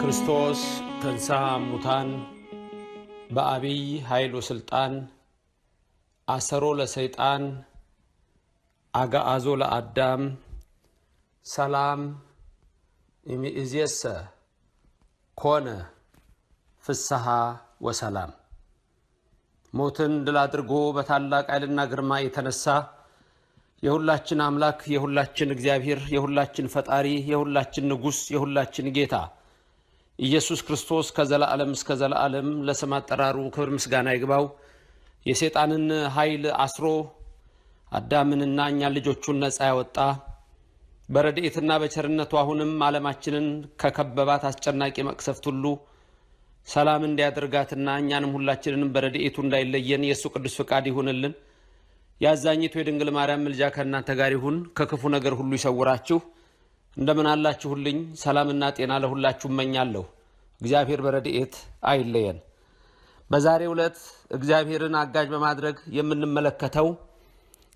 ክርስቶስ ተንሳ ሙታን በአቢይ ኃይል ስልጣን አሰሮ ለሰይጣን አጋአዞ ለአዳም ሰላም እምይእዜሰ ኮነ ፍስሐ ወሰላም ሞትን ድል አድርጎ በታላቅ ኃይልና ግርማ የተነሳ የሁላችን አምላክ የሁላችን እግዚአብሔር የሁላችን ፈጣሪ የሁላችን ንጉሥ የሁላችን ጌታ ኢየሱስ ክርስቶስ ከዘላለም እስከ ዘላለም ለስም አጠራሩ ክብር ምስጋና ይግባው። የሰይጣንን ኃይል አስሮ አዳምንና እኛን ልጆቹን ነፃ ያወጣ በረድኤትና በቸርነቱ አሁንም ዓለማችንን ከከበባት አስጨናቂ መቅሰፍት ሁሉ ሰላም እንዲያደርጋትና እኛንም ሁላችንንም በረድኤቱ እንዳይለየን የእሱ ቅዱስ ፍቃድ ይሁንልን። የአዛኝቱ የድንግል ማርያም ምልጃ ከእናንተ ጋር ይሁን፣ ከክፉ ነገር ሁሉ ይሰውራችሁ። እንደምን አላችሁልኝ? ሰላምና ጤና ለሁላችሁ እመኛለሁ። እግዚአብሔር በረድኤት አይለየን። በዛሬ ዕለት እግዚአብሔርን አጋዥ በማድረግ የምንመለከተው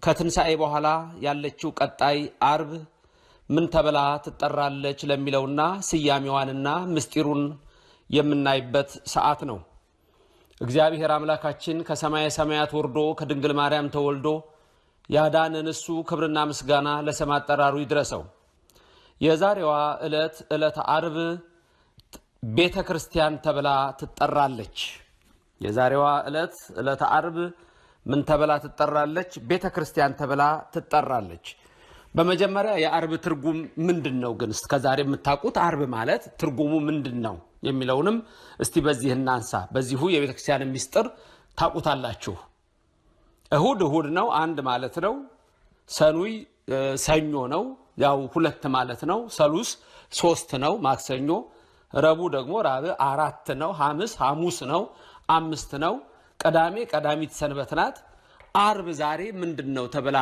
ከትንሣኤ በኋላ ያለችው ቀጣይ አርብ ምን ተብላ ትጠራለች ለሚለውና ስያሜዋንና ምስጢሩን የምናይበት ሰዓት ነው። እግዚአብሔር አምላካችን ከሰማየ ሰማያት ወርዶ ከድንግል ማርያም ተወልዶ ያዳንን እሱ ክብርና ምስጋና ለስም አጠራሩ ይድረሰው። የዛሬዋ ዕለት ዕለተ አርብ ቤተ ክርስቲያን ተብላ ትጠራለች። የዛሬዋ ዕለት ዕለተ አርብ ምን ተብላ ትጠራለች? ቤተ ክርስቲያን ተብላ ትጠራለች። በመጀመሪያ የአርብ ትርጉም ምንድን ነው? ግን እስከዛሬ የምታውቁት አርብ ማለት ትርጉሙ ምንድን ነው የሚለውንም እስቲ በዚህ እናንሳ። በዚሁ የቤተክርስቲያን ሚስጥር ታውቁታላችሁ። እሁድ እሁድ ነው፣ አንድ ማለት ነው። ሰኑይ ሰኞ ነው፣ ያው ሁለት ማለት ነው። ሰሉስ ሶስት ነው፣ ማክሰኞ። ረቡዕ ደግሞ ራብዕ አራት ነው። ሐምስ ሐሙስ ነው፣ አምስት ነው። ቀዳሜ ቀዳሚት ሰንበት ናት። አርብ ዛሬ ምንድን ነው ተብላ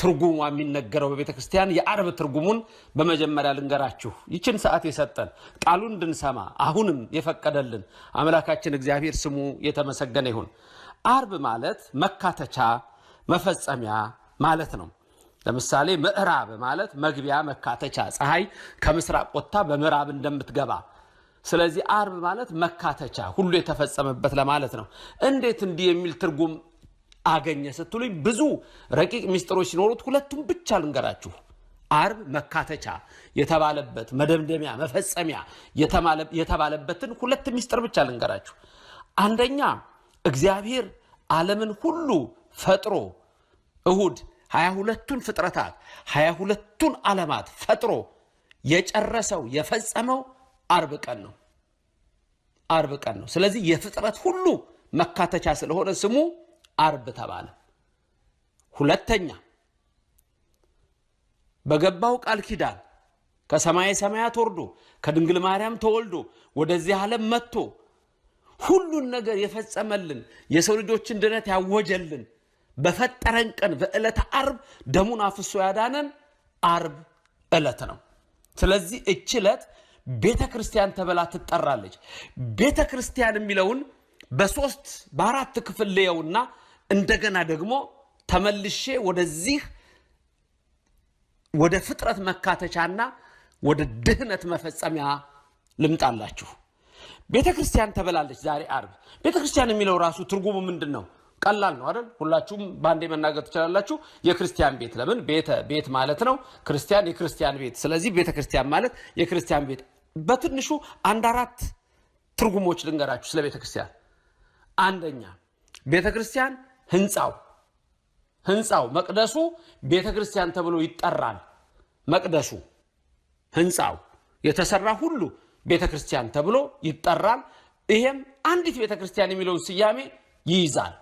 ትርጉሟ የሚነገረው በቤተ ክርስቲያን የዓርብ ትርጉሙን በመጀመሪያ ልንገራችሁ። ይችን ሰዓት የሰጠን ቃሉን እንድንሰማ አሁንም የፈቀደልን አምላካችን እግዚአብሔር ስሙ የተመሰገነ ይሁን። አርብ ማለት መካተቻ፣ መፈጸሚያ ማለት ነው። ለምሳሌ ምዕራብ ማለት መግቢያ፣ መካተቻ፣ ፀሐይ ከምስራቅ ወጥታ በምዕራብ እንደምትገባ ስለዚህ አርብ ማለት መካተቻ ሁሉ የተፈጸመበት ለማለት ነው። እንዴት እንዲህ የሚል ትርጉም አገኘ ስትሉኝ ብዙ ረቂቅ ሚስጥሮች ሲኖሩት ሁለቱም ብቻ ልንገራችሁ። አርብ መካተቻ የተባለበት መደምደሚያ መፈጸሚያ የተባለበትን ሁለት ሚስጥር ብቻ ልንገራችሁ። አንደኛ እግዚአብሔር ዓለምን ሁሉ ፈጥሮ እሁድ ሀያ ሁለቱን ፍጥረታት ሀያ ሁለቱን ዓለማት ፈጥሮ የጨረሰው የፈጸመው አርብ ቀን ነው። አርብ ቀን ነው። ስለዚህ የፍጥረት ሁሉ መካተቻ ስለሆነ ስሙ አርብ ተባለ። ሁለተኛ በገባው ቃል ኪዳን ከሰማይ ሰማያት ወርዶ ከድንግል ማርያም ተወልዶ ወደዚህ ዓለም መጥቶ ሁሉን ነገር የፈጸመልን የሰው ልጆችን ድነት ያወጀልን በፈጠረን ቀን በዕለተ አርብ ደሙን አፍሶ ያዳነን አርብ ዕለት ነው። ስለዚህ እች ዕለት ቤተ ክርስቲያን ተብላ ትጠራለች። ቤተ ክርስቲያን የሚለውን በሶስት በአራት ክፍል ልየውና እንደገና ደግሞ ተመልሼ ወደዚህ ወደ ፍጥረት መካተቻና ወደ ድህነት መፈጸሚያ ልምጣላችሁ። ቤተ ክርስቲያን ተበላለች። ዛሬ አርብ ቤተ ክርስቲያን የሚለው ራሱ ትርጉሙ ምንድን ነው? ቀላል ነው አይደል? ሁላችሁም በአንዴ መናገር ትችላላችሁ። የክርስቲያን ቤት ለምን ቤተ ቤት ማለት ነው። ክርስቲያን የክርስቲያን ቤት። ስለዚህ ቤተ ክርስቲያን ማለት የክርስቲያን ቤት። በትንሹ አንድ አራት ትርጉሞች ልንገራችሁ ስለ ቤተ ክርስቲያን። አንደኛ ቤተ ክርስቲያን ህንፃው ህንፃው መቅደሱ ቤተ ክርስቲያን ተብሎ ይጠራል። መቅደሱ ህንፃው የተሰራ ሁሉ ቤተ ክርስቲያን ተብሎ ይጠራል። ይሄም አንዲት ቤተ ክርስቲያን የሚለውን ስያሜ ይይዛል።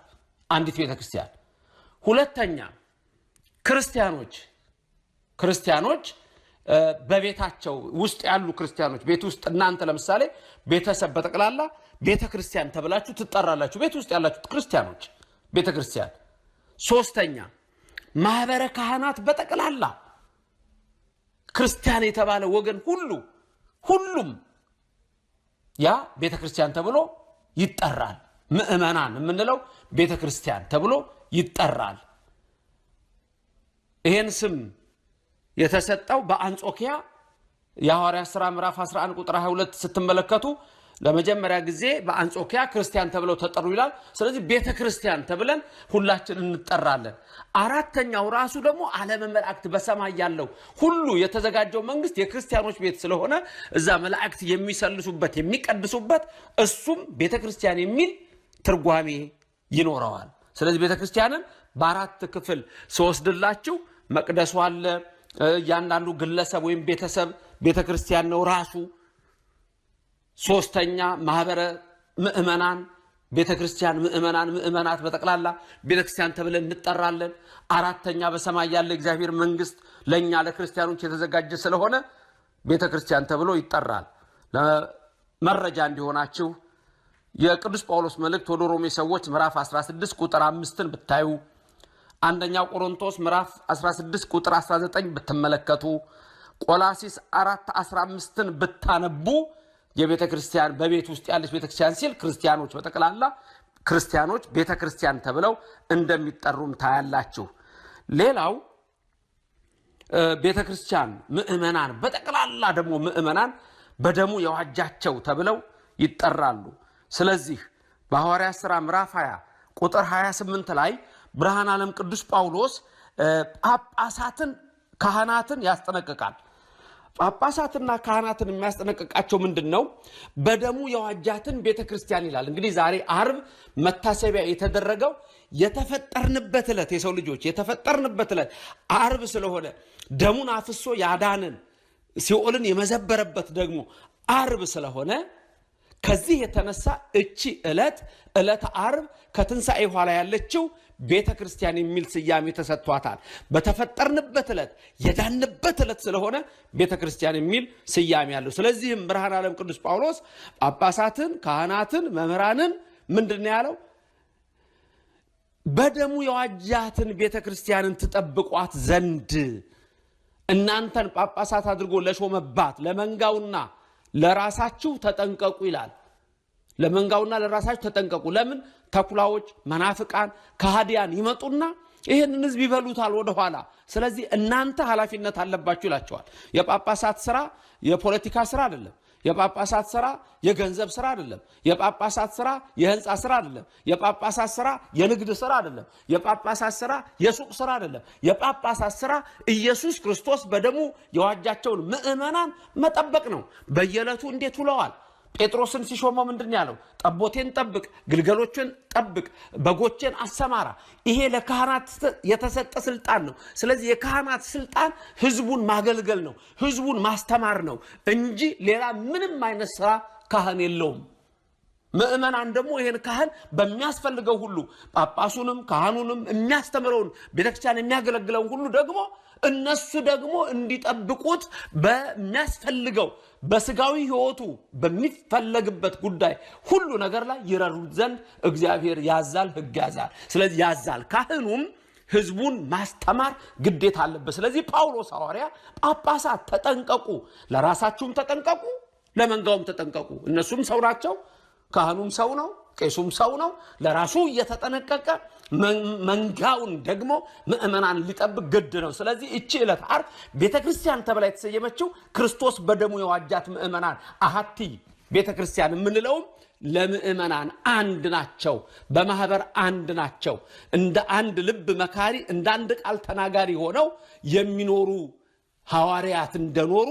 አንዲት ቤተ ክርስቲያን። ሁለተኛ ክርስቲያኖች ክርስቲያኖች በቤታቸው ውስጥ ያሉ ክርስቲያኖች ቤት ውስጥ እናንተ ለምሳሌ ቤተሰብ በጠቅላላ ቤተ ክርስቲያን ተብላችሁ ትጠራላችሁ። ቤት ውስጥ ያላችሁ ክርስቲያኖች ቤተ ክርስቲያን። ሶስተኛ ማህበረ ካህናት በጠቅላላ ክርስቲያን የተባለ ወገን ሁሉ ሁሉም ያ ቤተ ክርስቲያን ተብሎ ይጠራል። ምእመናን የምንለው ቤተ ክርስቲያን ተብሎ ይጠራል። ይህን ስም የተሰጠው በአንጾኪያ የሐዋርያ ሥራ ምዕራፍ 11 ቁጥር 22 ስትመለከቱ ለመጀመሪያ ጊዜ በአንጾኪያ ክርስቲያን ተብለው ተጠሩ ይላል። ስለዚህ ቤተ ክርስቲያን ተብለን ሁላችን እንጠራለን። አራተኛው ራሱ ደግሞ ዓለመ መላእክት በሰማይ ያለው ሁሉ የተዘጋጀው መንግስት የክርስቲያኖች ቤት ስለሆነ እዛ መላእክት የሚሰልሱበት የሚቀድሱበት፣ እሱም ቤተ ክርስቲያን የሚል ትርጓሜ ይኖረዋል። ስለዚህ ቤተ ክርስቲያንን በአራት ክፍል ስወስድላችሁ መቅደሱ አለ። እያንዳንዱ ግለሰብ ወይም ቤተሰብ ቤተ ክርስቲያን ነው ራሱ ሶስተኛ ማህበረ ምእመናን ቤተ ክርስቲያን ምእመናን ምእመናት በጠቅላላ ቤተ ክርስቲያን ተብለን እንጠራለን። አራተኛ በሰማይ ያለ እግዚአብሔር መንግስት ለእኛ ለክርስቲያኖች የተዘጋጀ ስለሆነ ቤተ ክርስቲያን ተብሎ ይጠራል። ለመረጃ እንዲሆናችሁ የቅዱስ ጳውሎስ መልእክት ወደ ሮሜ ሰዎች ምዕራፍ 16 ቁጥር አምስትን ብታዩ አንደኛው ቆሮንቶስ ምዕራፍ 16 ቁጥር 19 ብትመለከቱ ቆላሲስ አራት 15ን ብታነቡ የቤተ ክርስቲያን በቤት ውስጥ ያለች ቤተ ክርስቲያን ሲል ክርስቲያኖች በጠቅላላ ክርስቲያኖች ቤተ ክርስቲያን ተብለው እንደሚጠሩም ታያላችሁ። ሌላው ቤተ ክርስቲያን ምእመናን በጠቅላላ ደግሞ ምእመናን በደሙ የዋጃቸው ተብለው ይጠራሉ። ስለዚህ በሐዋርያ ሥራ ምዕራፍ 20 ቁጥር 28 ላይ ብርሃን ዓለም ቅዱስ ጳውሎስ ጳጳሳትን፣ ካህናትን ያስጠነቅቃል። ጳጳሳትና ካህናትን የሚያስጠነቅቃቸው ምንድን ነው? በደሙ የዋጃትን ቤተ ክርስቲያን ይላል። እንግዲህ ዛሬ አርብ መታሰቢያ የተደረገው የተፈጠርንበት ዕለት የሰው ልጆች የተፈጠርንበት ዕለት አርብ ስለሆነ ደሙን አፍሶ ያዳንን ሲኦልን የመዘበረበት ደግሞ አርብ ስለሆነ ከዚህ የተነሳ እቺ ዕለት ዕለት አርብ ከትንሣኤ ኋላ ያለችው ቤተ ክርስቲያን የሚል ስያሜ ተሰጥቷታል። በተፈጠርንበት ዕለት የዳንበት ዕለት ስለሆነ ቤተ ክርስቲያን የሚል ስያሜ አለው። ስለዚህም ብርሃን ዓለም ቅዱስ ጳውሎስ ጳጳሳትን፣ ካህናትን፣ መምህራንን ምንድን ነው ያለው? በደሙ የዋጃትን ቤተ ክርስቲያንን ትጠብቋት ዘንድ እናንተን ጳጳሳት አድርጎ ለሾመባት ለመንጋውና ለራሳችሁ ተጠንቀቁ ይላል። ለመንጋውና ለራሳችሁ ተጠንቀቁ። ለምን ተኩላዎች፣ መናፍቃን፣ ከሃዲያን ይመጡና ይህንን ህዝብ ይበሉታል ወደኋላ። ስለዚህ እናንተ ኃላፊነት አለባችሁ ይላቸዋል። የጳጳሳት ስራ የፖለቲካ ስራ አይደለም። የጳጳሳት ስራ የገንዘብ ስራ አይደለም። የጳጳሳት ስራ የህንፃ ስራ አይደለም። የጳጳሳት ስራ የንግድ ስራ አይደለም። የጳጳሳት ስራ የሱቅ ስራ አይደለም። የጳጳሳት ስራ ኢየሱስ ክርስቶስ በደሙ የዋጃቸውን ምዕመናን መጠበቅ ነው። በየዕለቱ እንዴት ውለዋል ጴጥሮስን ሲሾመው ምንድን ያለው? ጠቦቴን ጠብቅ፣ ግልገሎችን ጠብቅ፣ በጎቼን አሰማራ። ይሄ ለካህናት የተሰጠ ስልጣን ነው። ስለዚህ የካህናት ስልጣን ህዝቡን ማገልገል ነው፣ ህዝቡን ማስተማር ነው እንጂ ሌላ ምንም አይነት ስራ ካህን የለውም። ምእመናን ደግሞ ይህን ካህን በሚያስፈልገው ሁሉ ጳጳሱንም ካህኑንም የሚያስተምረውን ቤተክርስቲያን የሚያገለግለውን ሁሉ ደግሞ እነሱ ደግሞ እንዲጠብቁት በሚያስፈልገው በስጋዊ ህይወቱ በሚፈለግበት ጉዳይ ሁሉ ነገር ላይ ይረዱት ዘንድ እግዚአብሔር ያዛል፣ ህግ ያዛል። ስለዚህ ያዛል ካህኑም ህዝቡን ማስተማር ግዴታ አለበት። ስለዚህ ጳውሎስ ሐዋርያ ጳጳሳት ተጠንቀቁ፣ ለራሳችሁም ተጠንቀቁ፣ ለመንጋውም ተጠንቀቁ። እነሱም ሰው ናቸው፣ ካህኑም ሰው ነው፣ ቄሱም ሰው ነው። ለራሱ እየተጠነቀቀ መንጋውን ደግሞ ምእመናን ሊጠብቅ ግድ ነው። ስለዚህ እቺ ዕለት ዓርብ ቤተ ክርስቲያን ተብላ የተሰየመችው ክርስቶስ በደሙ የዋጃት ምእመናን አሀቲ ቤተ ክርስቲያን የምንለውም ለምእመናን አንድ ናቸው፣ በማህበር አንድ ናቸው። እንደ አንድ ልብ መካሪ፣ እንደ አንድ ቃል ተናጋሪ ሆነው የሚኖሩ ሐዋርያት እንደኖሩ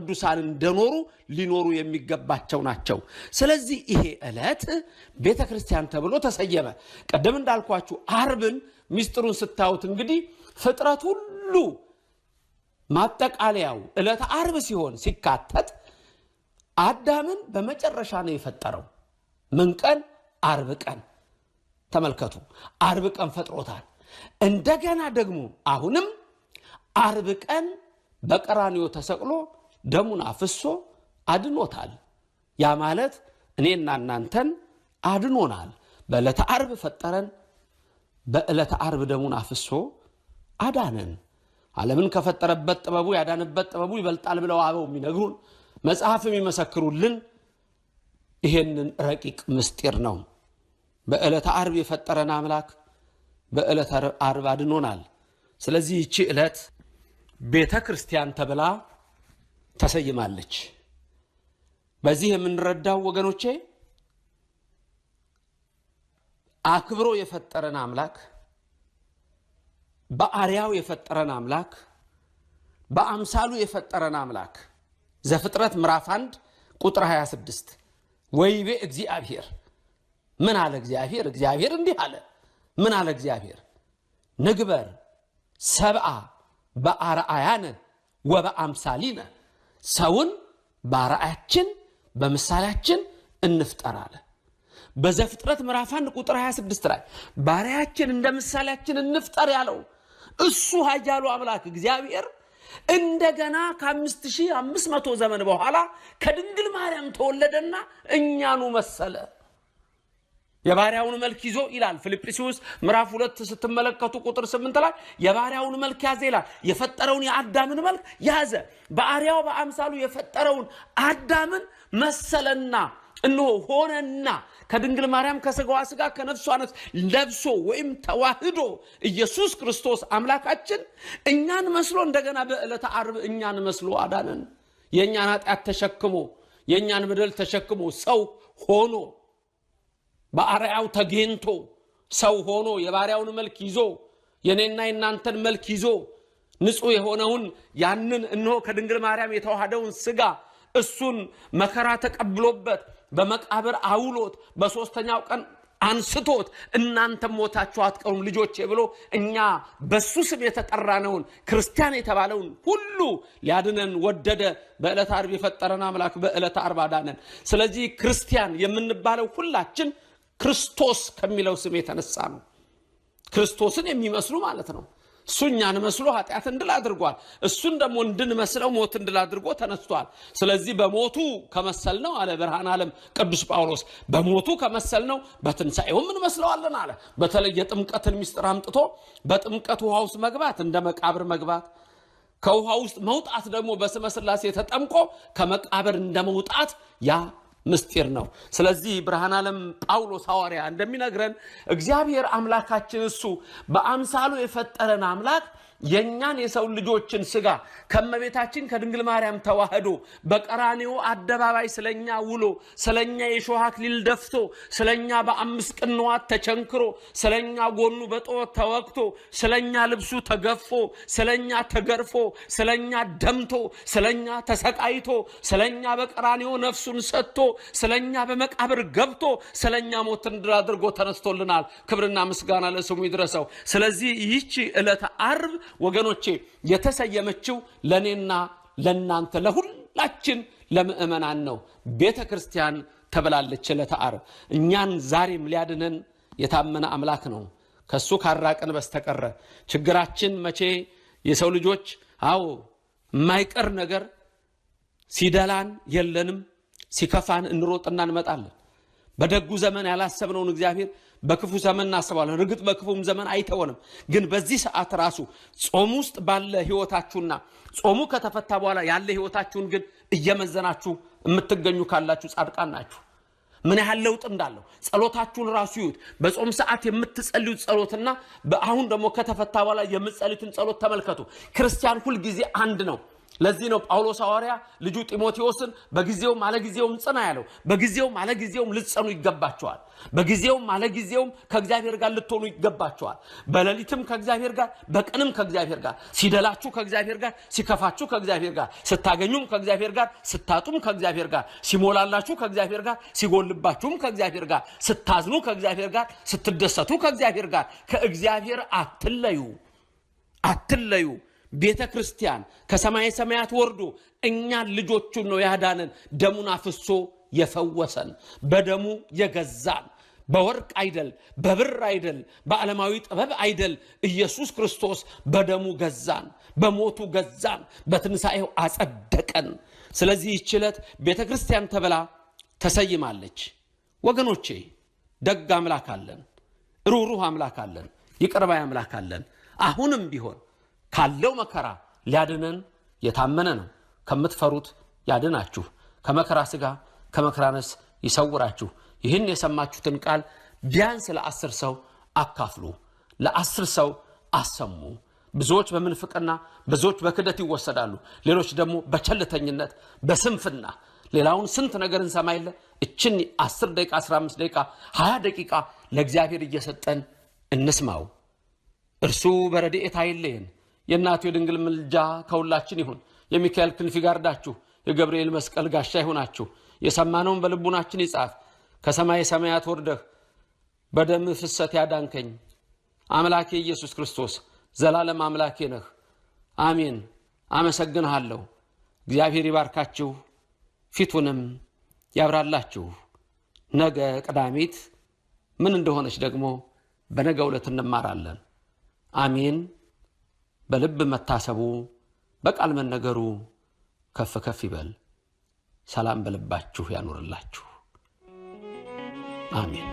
ቅዱሳን እንደኖሩ ሊኖሩ የሚገባቸው ናቸው። ስለዚህ ይሄ ዕለት ቤተ ክርስቲያን ተብሎ ተሰየመ። ቀደም እንዳልኳችሁ አርብን ሚስጥሩን ስታዩት እንግዲህ ፍጥረት ሁሉ ማጠቃለያው ዕለት አርብ ሲሆን ሲካተት አዳምን በመጨረሻ ነው የፈጠረው። ምን ቀን? አርብ ቀን። ተመልከቱ፣ አርብ ቀን ፈጥሮታል። እንደገና ደግሞ አሁንም አርብ ቀን በቀራንዮ ተሰቅሎ ደሙን አፍሶ አድኖታል። ያ ማለት እኔና እናንተን አድኖናል። በዕለተ ዓርብ ፈጠረን፣ በዕለተ ዓርብ ደሙን አፍሶ አዳነን። ዓለምን ከፈጠረበት ጥበቡ ያዳንበት ጥበቡ ይበልጣል ብለው አበው የሚነግሩን መጽሐፍ የሚመሰክሩልን ይሄንን ረቂቅ ምስጢር ነው። በዕለተ ዓርብ የፈጠረን አምላክ በዕለተ ዓርብ አድኖናል። ስለዚህ ይቺ ዕለት ቤተ ክርስቲያን ተብላ ተሰይማለች። በዚህ የምንረዳው ወገኖቼ አክብሮ የፈጠረን አምላክ በአርያው የፈጠረን አምላክ በአምሳሉ የፈጠረን አምላክ ዘፍጥረት ምዕራፍ 1 ቁጥር 26 ወይቤ እግዚአብሔር ምን አለ እግዚአብሔር? እግዚአብሔር እንዲህ አለ። ምን አለ እግዚአብሔር? ንግበር ሰብአ በአርአያነ ወበአምሳሊነ ሰውን በአርአያችን በምሳሌያችን እንፍጠር አለ። በዘፍጥረት ምዕራፍ 1 ቁጥር 26 ላይ ባሪያችን እንደ ምሳሌያችን እንፍጠር ያለው እሱ ኃያሉ አምላክ እግዚአብሔር እንደገና ከ5500 ዘመን በኋላ ከድንግል ማርያም ተወለደና እኛኑ መሰለ። የባሪያውን መልክ ይዞ ይላል ፊልጵስዩስ ምዕራፍ ሁለት ስትመለከቱ ቁጥር ስምንት ላይ የባሪያውን መልክ ያዘ ይላል። የፈጠረውን የአዳምን መልክ ያዘ። በአርያው በአምሳሉ የፈጠረውን አዳምን መሰለና እንሆ ሆነና ከድንግል ማርያም ከስጋዋ ስጋ ከነፍሷ ነፍስ ለብሶ ወይም ተዋህዶ ኢየሱስ ክርስቶስ አምላካችን እኛን መስሎ እንደገና በዕለተ ዓርብ እኛን መስሎ አዳነን። የእኛን ኃጢአት ተሸክሞ የእኛን በደል ተሸክሞ ሰው ሆኖ በአርያው ተገኝቶ ሰው ሆኖ የባሪያውን መልክ ይዞ የኔና የናንተን መልክ ይዞ ንጹሕ የሆነውን ያንን እነሆ ከድንግል ማርያም የተዋሃደውን ስጋ እሱን መከራ ተቀብሎበት በመቃብር አውሎት በሦስተኛው ቀን አንስቶት እናንተም ሞታችሁ አትቀሩም ልጆቼ ብሎ እኛ በሱ ስም የተጠራነውን ክርስቲያን የተባለውን ሁሉ ሊያድነን ወደደ። በዕለተ ዓርብ የፈጠረን አምላክ በዕለተ ዓርብ አዳነን። ስለዚህ ክርስቲያን የምንባለው ሁላችን ክርስቶስ ከሚለው ስም የተነሳ ነው። ክርስቶስን የሚመስሉ ማለት ነው። እሱ እኛን መስሎ ኃጢአትን ድል አድርጓል። እሱን ደግሞ እንድንመስለው ሞትን ድል አድርጎ ተነስቷል። ስለዚህ በሞቱ ከመሰል ነው አለ ብርሃን ዓለም ቅዱስ ጳውሎስ። በሞቱ ከመሰል ነው በትንሣኤውም እንመስለዋለን አለ። በተለይ የጥምቀትን ሚስጥር አምጥቶ በጥምቀት ውሃ ውስጥ መግባት እንደ መቃብር መግባት፣ ከውሃ ውስጥ መውጣት ደግሞ በስመ ተጠምቆ ከመቃብር እንደ መውጣት ያ ምስጢር ነው። ስለዚህ ብርሃን ዓለም ጳውሎስ ሐዋርያ እንደሚነግረን እግዚአብሔር አምላካችን እሱ በአምሳሉ የፈጠረን አምላክ የእኛን የሰው ልጆችን ስጋ ከመቤታችን ከድንግል ማርያም ተዋህዶ በቀራኒዮ አደባባይ ስለኛ ውሎ ስለኛ የሾህ አክሊል ደፍቶ ስለኛ በአምስት ቅንዋት ተቸንክሮ ስለኛ ጎኑ በጦር ተወቅቶ ስለኛ ልብሱ ተገፎ ስለኛ ተገርፎ ስለኛ ደምቶ ስለኛ ተሰቃይቶ ስለኛ በቀራኔዎ ነፍሱን ሰጥቶ ስለኛ በመቃብር ገብቶ ስለኛ ሞትን ድል አድርጎ ተነስቶልናል። ክብርና ምስጋና ለስሙ ይድረሰው። ስለዚህ ይህቺ ዕለተ አርብ ወገኖቼ የተሰየመችው ለእኔና ለእናንተ ለሁላችን ለምእመናን ነው። ቤተ ክርስቲያን ተብላለች። ዕለተ ዓርብ እኛን ዛሬም ሊያድነን የታመነ አምላክ ነው። ከሱ ካራቅን በስተቀረ ችግራችን መቼ የሰው ልጆች አዎ የማይቀር ነገር ሲደላን የለንም፣ ሲከፋን እንሮጥና እንመጣለን። በደጉ ዘመን ያላሰብነውን እግዚአብሔር በክፉ ዘመን እናስባለን። እርግጥ በክፉም ዘመን አይተወንም። ግን በዚህ ሰዓት ራሱ ጾም ውስጥ ባለ ህይወታችሁና ጾሙ ከተፈታ በኋላ ያለ ህይወታችሁን ግን እየመዘናችሁ የምትገኙ ካላችሁ ጻድቃን ናችሁ። ምን ያህል ለውጥ እንዳለው ጸሎታችሁን ራሱ ይዩት። በጾም ሰዓት የምትጸልዩት ጸሎትና በአሁን ደግሞ ከተፈታ በኋላ የምትጸልዩትን ጸሎት ተመልከቱ። ክርስቲያን ሁልጊዜ አንድ ነው። ለዚህ ነው ጳውሎስ ሐዋርያ ልጁ ጢሞቴዎስን በጊዜውም አለጊዜውም ጽና ያለው። በጊዜውም አለጊዜውም ልትጸኑ ይገባቸዋል። በጊዜውም አለጊዜውም ከእግዚአብሔር ጋር ልትሆኑ ይገባቸዋል። በሌሊትም ከእግዚአብሔር ጋር፣ በቀንም ከእግዚአብሔር ጋር፣ ሲደላችሁ ከእግዚአብሔር ጋር፣ ሲከፋችሁ ከእግዚአብሔር ጋር፣ ስታገኙም ከእግዚአብሔር ጋር፣ ስታጡም ከእግዚአብሔር ጋር፣ ሲሞላላችሁ ከእግዚአብሔር ጋር፣ ሲጎልባችሁም ከእግዚአብሔር ጋር፣ ስታዝኑ ከእግዚአብሔር ጋር፣ ስትደሰቱ ከእግዚአብሔር ጋር። ከእግዚአብሔር አትለዩ አትለዩ። ቤተ ክርስቲያን ከሰማይ ሰማያት ወርዶ እኛን ልጆቹን ነው ያዳነን። ደሙን አፍሶ የፈወሰን በደሙ የገዛን በወርቅ አይደል፣ በብር አይደል፣ በዓለማዊ ጥበብ አይደል። ኢየሱስ ክርስቶስ በደሙ ገዛን፣ በሞቱ ገዛን፣ በትንሣኤው አጸደቀን። ስለዚህ ይህች ዕለት ቤተ ክርስቲያን ተብላ ተሰይማለች። ወገኖቼ ደግ አምላክ አለን፣ ሩህሩህ አምላክ አለን፣ ይቅርባይ አምላክ አለን። አሁንም ቢሆን ካለው መከራ ሊያድነን የታመነ ነው። ከምትፈሩት ያድናችሁ፣ ከመከራ ስጋ ከመከራ ነፍስ ይሰውራችሁ። ይህን የሰማችሁትን ቃል ቢያንስ ለአስር ሰው አካፍሉ፣ ለአስር ሰው አሰሙ። ብዙዎች በምንፍቅና ብዙዎች በክደት ይወሰዳሉ። ሌሎች ደግሞ በቸልተኝነት በስንፍና ሌላውን ስንት ነገር እንሰማ የለ እችን 10 ደቂቃ 15 ደቂቃ 20 ደቂቃ ለእግዚአብሔር እየሰጠን እንስማው። እርሱ በረድኤት አይለየን። የእናቱ የድንግል ምልጃ ከሁላችን ይሁን። የሚካኤል ክንፍ ይጋርዳችሁ፣ የገብርኤል መስቀል ጋሻ ይሆናችሁ። የሰማነውን በልቡናችን ይጻፍ። ከሰማይ ሰማያት ወርደህ በደም ፍሰት ያዳንከኝ አምላኬ ኢየሱስ ክርስቶስ ዘላለም አምላኬ ነህ። አሜን። አመሰግንሃለሁ። እግዚአብሔር ይባርካችሁ፣ ፊቱንም ያብራላችሁ። ነገ ቅዳሜት ምን እንደሆነች ደግሞ በነገ ዕለት እንማራለን። አሜን። በልብ መታሰቡ በቃል መነገሩ ከፍ ከፍ ይበል። ሰላም በልባችሁ ያኑርላችሁ። አሜን።